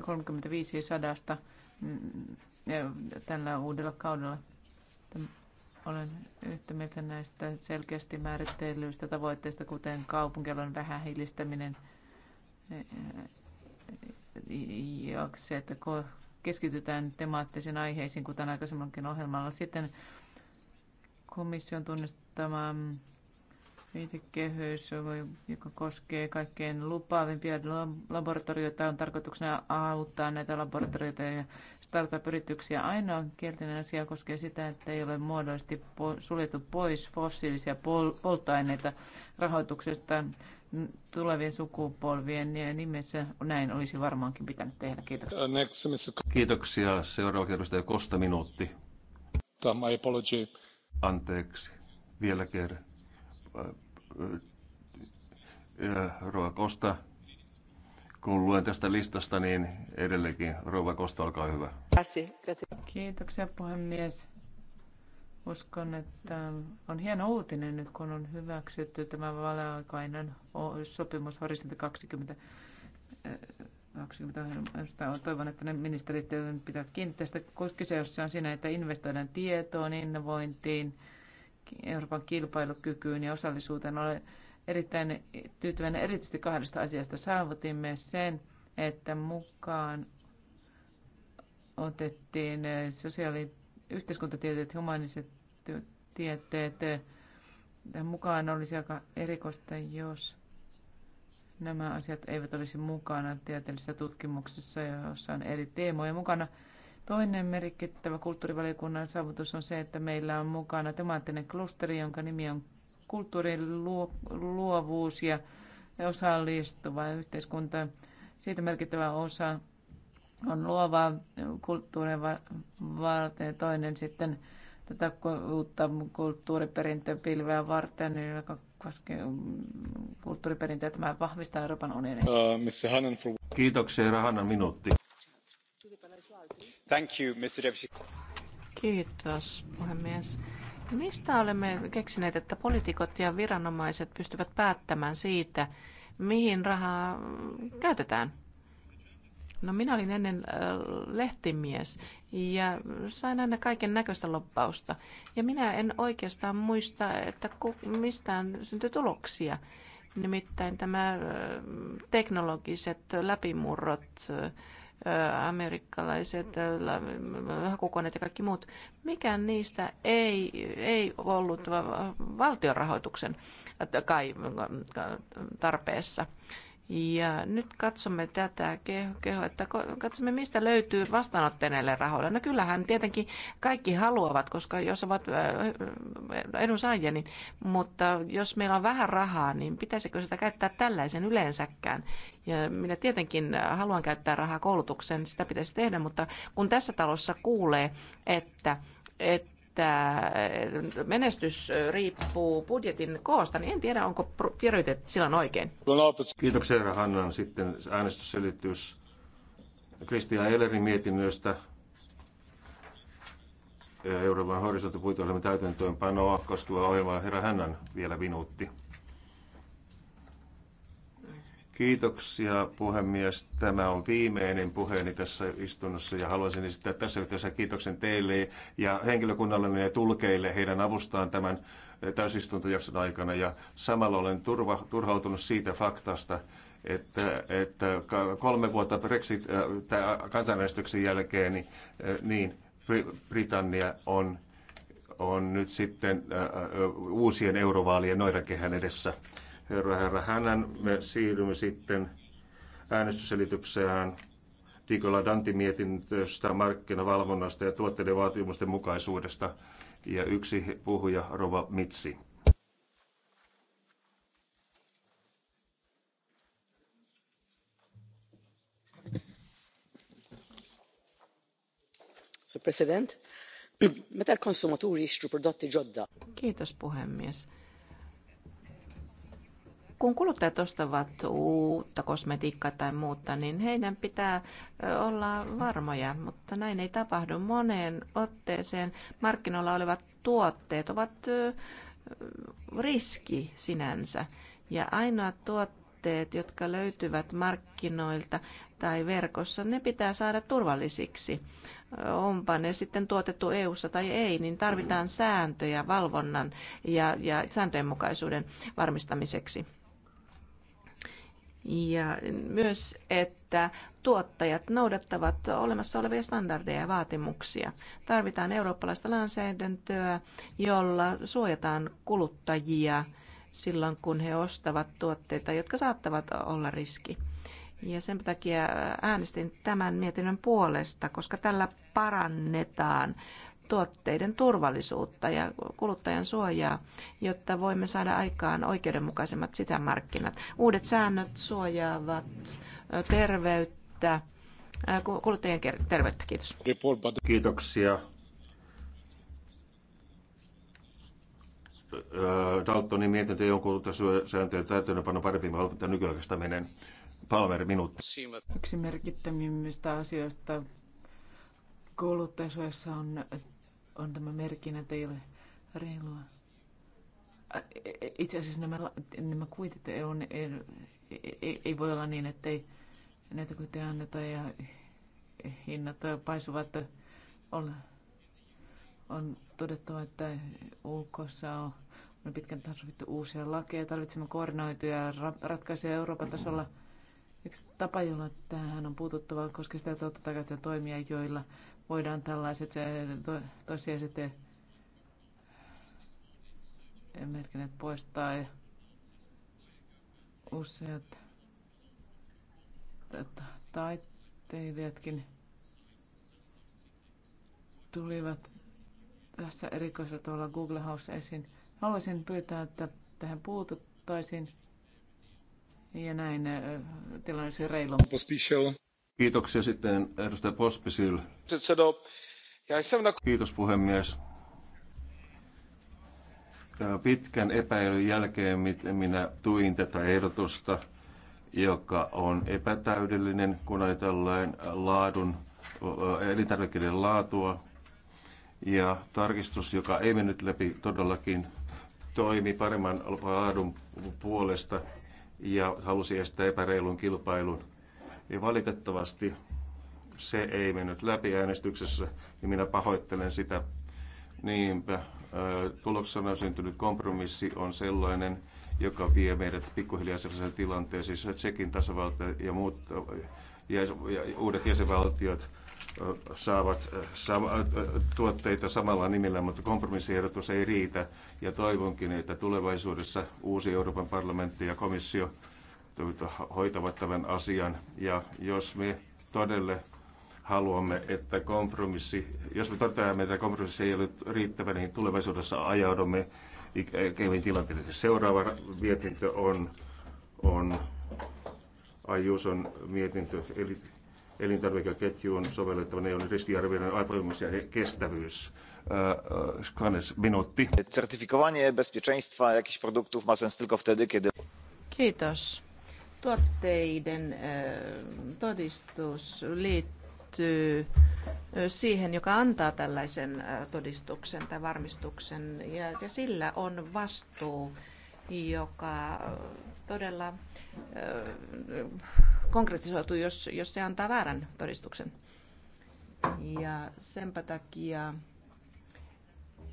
35 sadasta mm, tällä uudella kaudella. Olen yhtä mieltä näistä selkeästi määrittellyistä tavoitteista, kuten kaupunkialan vähähiilistäminen e, e, ja se, että keskitytään temaattisiin aiheisiin, kuten aikaisemminkin ohjelmalla. Sitten komission tunnistama viitekehys, joka koskee kaikkein lupaavimpia laboratorioita, on tarkoituksena auttaa näitä laboratorioita ja startup-yrityksiä. Ainoa kielteinen asia koskee sitä, että ei ole muodollisesti suljettu pois fossiilisia pol- polttoaineita rahoituksesta tulevien sukupolvien ja nimessä näin olisi varmaankin pitänyt tehdä. Kiitoksia. Uh, next, Kiitoksia. Seuraava edustaja Kosta minuutti. Tämä um, apology. Anteeksi. Vielä kerran Rova Kosta. Kun luen tästä listasta, niin edelleenkin Rova Kosta, olkaa hyvä. Kiitoksia puhemies. Uskon, että on hieno uutinen nyt, kun on hyväksytty tämä valeaikainen sopimus Horisontti 20 20 Toivon, että ne ministerit pitävät kiinni tästä. Kyse on siinä, että investoidaan tietoon, innovointiin, Euroopan kilpailukykyyn ja osallisuuteen. Olen erittäin tyytyväinen erityisesti kahdesta asiasta. Saavutimme sen, että mukaan otettiin eh, sosiaali- yhteiskuntatieteet, humaniset tieteet. Tähän eh, mukaan olisi aika erikoista, jos nämä asiat eivät olisi mukana tieteellisessä tutkimuksessa, jossa on eri teemoja mukana. Toinen merkittävä kulttuurivaliokunnan saavutus on se, että meillä on mukana temaattinen klusteri, jonka nimi on kulttuurin luovuus ja osallistuva yhteiskunta. Siitä merkittävä osa on luovaa kulttuurin varten, toinen sitten tätä uutta kulttuuriperintöpilveä varten, joka koskee kulttuuriperintöä. Tämä vahvistaa Euroopan unionia. Äh, Kiitoksia, Rahanan minuutti. Kiitos, puhemies. Mistä olemme keksineet, että poliitikot ja viranomaiset pystyvät päättämään siitä, mihin rahaa käytetään? No minä olin ennen lehtimies ja sain aina kaiken näköistä loppausta. Ja minä en oikeastaan muista, että mistään syntyi tuloksia. Nimittäin tämä teknologiset läpimurrot, amerikkalaiset hakukoneet ja kaikki muut. Mikään niistä ei, ei ollut valtion rahoituksen tarpeessa. Ja nyt katsomme tätä kehoa, että katsomme mistä löytyy vastaanottaneille rahoille. No kyllähän tietenkin kaikki haluavat, koska jos ovat edunsaajia, niin, mutta jos meillä on vähän rahaa, niin pitäisikö sitä käyttää tällaisen yleensäkään? Ja minä tietenkin haluan käyttää rahaa koulutukseen, sitä pitäisi tehdä, mutta kun tässä talossa kuulee, että, että että menestys riippuu budjetin koosta, niin en tiedä, onko kirjoitet silloin oikein. Kiitoksia, herra Hannan. Sitten äänestysselitys Kristian Ellerin mietinnöstä Euroopan horisontti puitoilemme täytäntöönpanoa koskeva ohjelma. Herra Hännan vielä minuutti. Kiitoksia puhemies. Tämä on viimeinen puheeni tässä istunnossa ja haluaisin esittää tässä yhteydessä kiitoksen teille ja henkilökunnalle ja tulkeille heidän avustaan tämän eh, täysistuntojakson aikana. Ja samalla olen turva, turhautunut siitä faktasta, että, että kolme vuotta Brexit eh, kansanäänestyksen jälkeen niin, eh, niin Britannia on, on nyt sitten uusien eurovaalien noidankehän edessä herra herra Hänen. Me siirrymme sitten äänestysselitykseen Dikola Danti mietintöstä markkinavalvonnasta ja tuotteiden vaatimusten mukaisuudesta. Ja yksi puhuja, Rova Mitsi. President, Kiitos puhemies kun kuluttajat ostavat uutta kosmetiikkaa tai muuta, niin heidän pitää olla varmoja, mutta näin ei tapahdu. Moneen otteeseen markkinoilla olevat tuotteet ovat riski sinänsä. Ja ainoat tuotteet, jotka löytyvät markkinoilta tai verkossa, ne pitää saada turvallisiksi. Onpa ne sitten tuotettu EU-ssa tai ei, niin tarvitaan sääntöjä valvonnan ja, ja sääntöjen mukaisuuden varmistamiseksi ja myös, että tuottajat noudattavat olemassa olevia standardeja ja vaatimuksia. Tarvitaan eurooppalaista lainsäädäntöä, jolla suojataan kuluttajia silloin, kun he ostavat tuotteita, jotka saattavat olla riski. Ja sen takia äänestin tämän mietinnön puolesta, koska tällä parannetaan tuotteiden turvallisuutta ja kuluttajan suojaa, jotta voimme saada aikaan oikeudenmukaisemmat sitä markkinat. Uudet säännöt suojaavat terveyttä, kuluttajien terveyttä. Kiitos. Kiitoksia. Daltonin mietintö jonkun sääntöjen täytäntöönpano parempi valvonta nykyaikaista menen. Palmer, minuutti. Yksi merkittävimmistä asioista kuluttajasuojassa on on tämä merkinä teille reilua. E, itse asiassa nämä, nämä kuitit e, on, ei, ei, e, ei voi olla niin, että ei näitä kuitteja anneta ja hinnat paisuvat. On, on todettava, että UKssa on, on pitkän tarvittu uusia lakeja. Tarvitsemme koordinoituja ratkaisuja Euroopan tasolla. Yksi tapa, jolla tähän on puututtava, koska sitä totta toimia, joilla voidaan tällaiset to, sitten merkinnät poistaa. Ja useat taiteilijatkin tulivat tässä erikoisella tavalla Google House esiin. Haluaisin pyytää, että tähän puututtaisiin ja näin tilanne olisi reilu. Kiitoksia sitten edustaja Pospisil. Kiitos puhemies. Pitkän epäilyn jälkeen minä tuin tätä ehdotusta, joka on epätäydellinen, kun ajatellaan laadun, elintarvikkeiden laatua. Ja tarkistus, joka ei mennyt läpi, todellakin toimi paremman laadun puolesta ja halusi estää epäreilun kilpailun ja valitettavasti se ei mennyt läpi äänestyksessä ja minä pahoittelen sitä. Niinpä tuloksena syntynyt kompromissi on sellainen, joka vie meidät pikkuhiljaa sellaisen tilanteeseen, siis Tsekin tasavalta ja muut ja, ja uudet jäsenvaltiot saavat sama, tuotteita samalla nimellä, mutta kompromissiehdotus ei riitä. Ja toivonkin, että tulevaisuudessa uusi Euroopan parlamentti ja komissio hoitavat tämän asian. Ja jos me todelle haluamme, että kompromissi, jos me toteamme, että kompromissi ei ole riittävä, niin tulevaisuudessa ajaudumme ikäviin tilanteisiin. Seuraava mietintö on, on Ajuson mietintö, eli elintarvikeketjuun sovellettavan EUn riskiarvioiden avoimuus ja kestävyys. Skanes, äh, äh, minuutti. Certyfikowanie bezpieczeństwa jakichś produktów ma sens tylko wtedy, kiedy... Kiitos tuotteiden todistus liittyy siihen, joka antaa tällaisen todistuksen tai varmistuksen, ja, ja sillä on vastuu, joka todella konkretisoituu, jos, jos se antaa väärän todistuksen. Ja senpä takia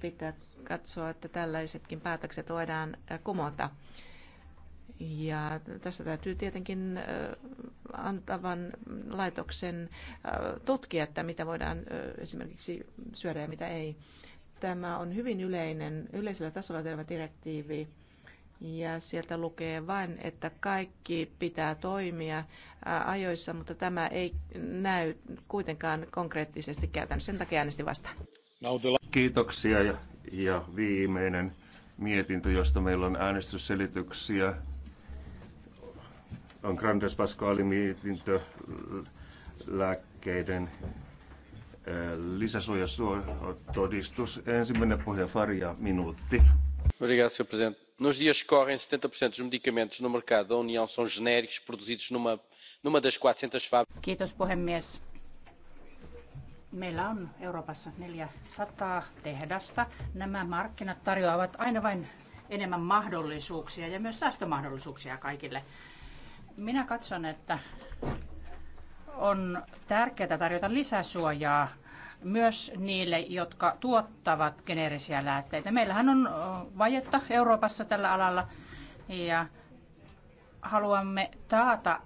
pitää katsoa, että tällaisetkin päätökset voidaan kumota ja tässä täytyy tietenkin antavan laitoksen tutkia, että mitä voidaan esimerkiksi syödä ja mitä ei. Tämä on hyvin yleinen, yleisellä tasolla tämä direktiivi. Ja sieltä lukee vain, että kaikki pitää toimia ajoissa, mutta tämä ei näy kuitenkaan konkreettisesti käytännössä. Sen takia äänestin vastaan. Kiitoksia ja, ja viimeinen mietintö, josta meillä on äänestysselityksiä on Grandes Pascalin lääkkeiden lisäsuojatodistus. Ensimmäinen puhe Faria, minuutti. Obrigado, Presidente. Nos dias que correm, 70% dos medicamentos no mercado da União são genéricos produzidos numa, numa das 400 fábricas. Kiitos puhemies. Meillä on Euroopassa 400 tehdasta. Nämä markkinat tarjoavat aina vain enemmän mahdollisuuksia ja myös säästömahdollisuuksia kaikille minä katson, että on tärkeää tarjota lisäsuojaa myös niille, jotka tuottavat geneerisiä lääkkeitä. Meillähän on vajetta Euroopassa tällä alalla ja haluamme taata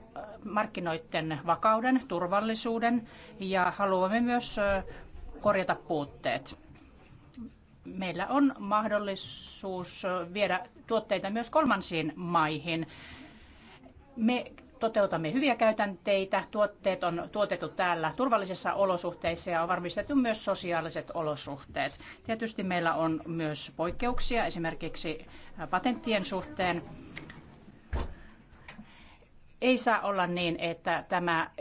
markkinoiden vakauden, turvallisuuden ja haluamme myös korjata puutteet. Meillä on mahdollisuus viedä tuotteita myös kolmansiin maihin me toteutamme hyviä käytänteitä, tuotteet on tuotettu täällä turvallisissa olosuhteissa ja on varmistettu myös sosiaaliset olosuhteet. Tietysti meillä on myös poikkeuksia esimerkiksi patenttien suhteen. Ei saa olla niin, että tämä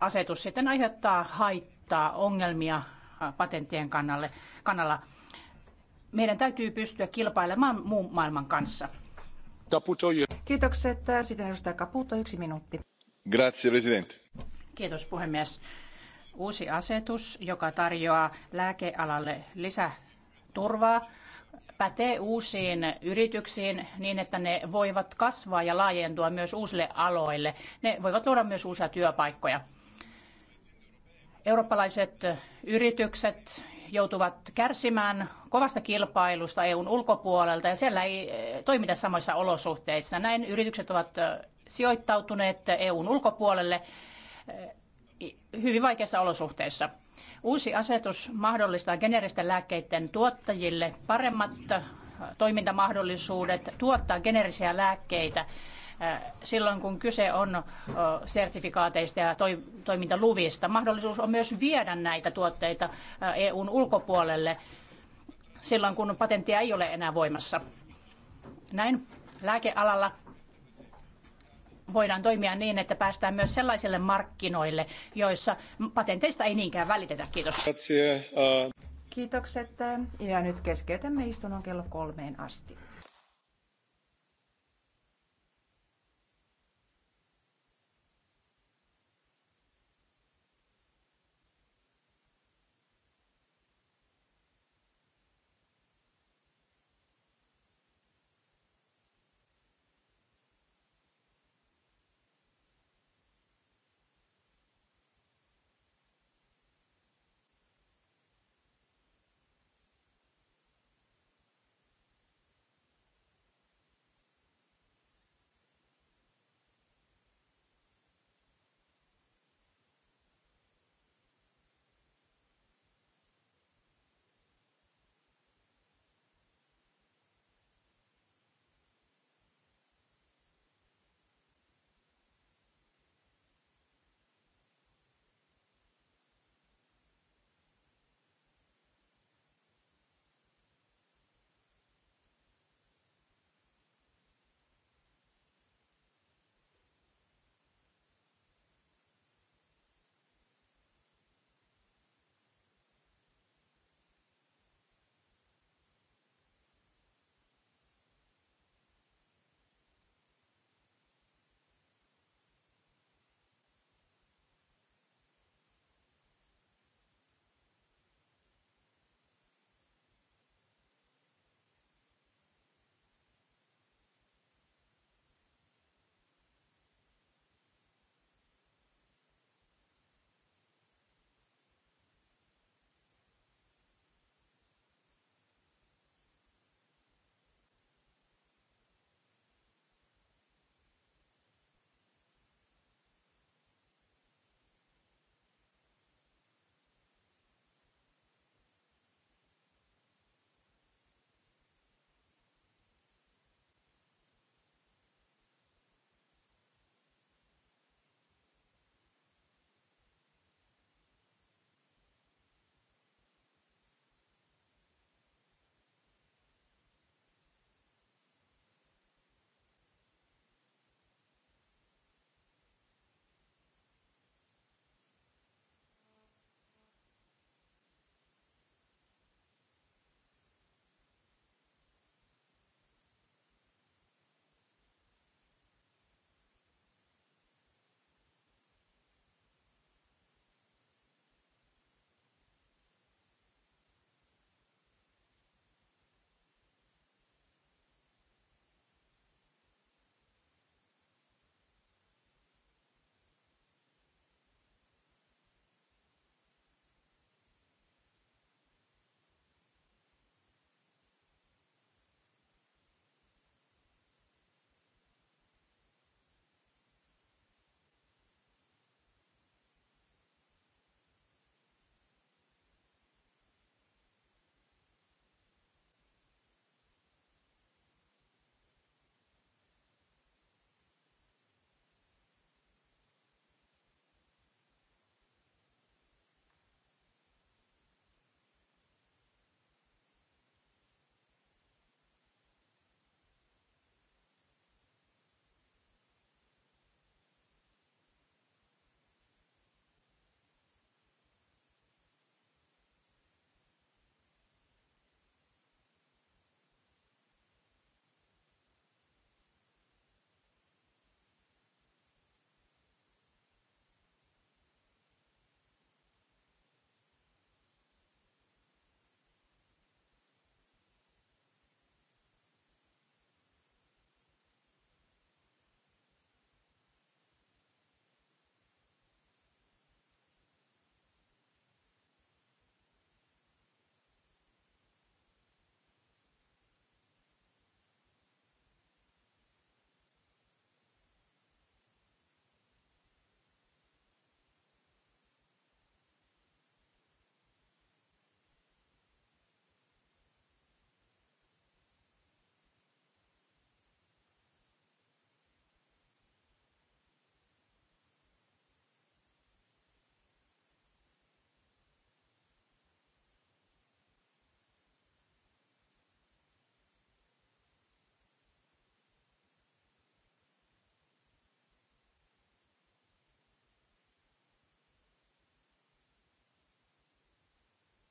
asetus sitten aiheuttaa haittaa, ongelmia patenttien kannalle, kannalla. Meidän täytyy pystyä kilpailemaan muun maailman kanssa arvoisa Sitten yksi minuutti. Grazie, Kiitos puhemies. Uusi asetus, joka tarjoaa lääkealalle lisäturvaa, pätee uusiin yrityksiin niin, että ne voivat kasvaa ja laajentua myös uusille aloille. Ne voivat luoda myös uusia työpaikkoja. Eurooppalaiset yritykset joutuvat kärsimään kovasta kilpailusta EUn ulkopuolelta ja siellä ei eh, toimita samoissa olosuhteissa. Näin yritykset ovat eh, sijoittautuneet EUn ulkopuolelle eh, hyvin vaikeissa olosuhteissa. Uusi asetus mahdollistaa geneeristen lääkkeiden tuottajille paremmat toimintamahdollisuudet tuottaa geneerisiä lääkkeitä silloin, kun kyse on sertifikaateista ja toimintaluvista. Mahdollisuus on myös viedä näitä tuotteita EUn ulkopuolelle silloin, kun patenttia ei ole enää voimassa. Näin lääkealalla voidaan toimia niin, että päästään myös sellaisille markkinoille, joissa patenteista ei niinkään välitetä. Kiitos. Kiitokset. Ja nyt keskeytämme istunnon kello kolmeen asti.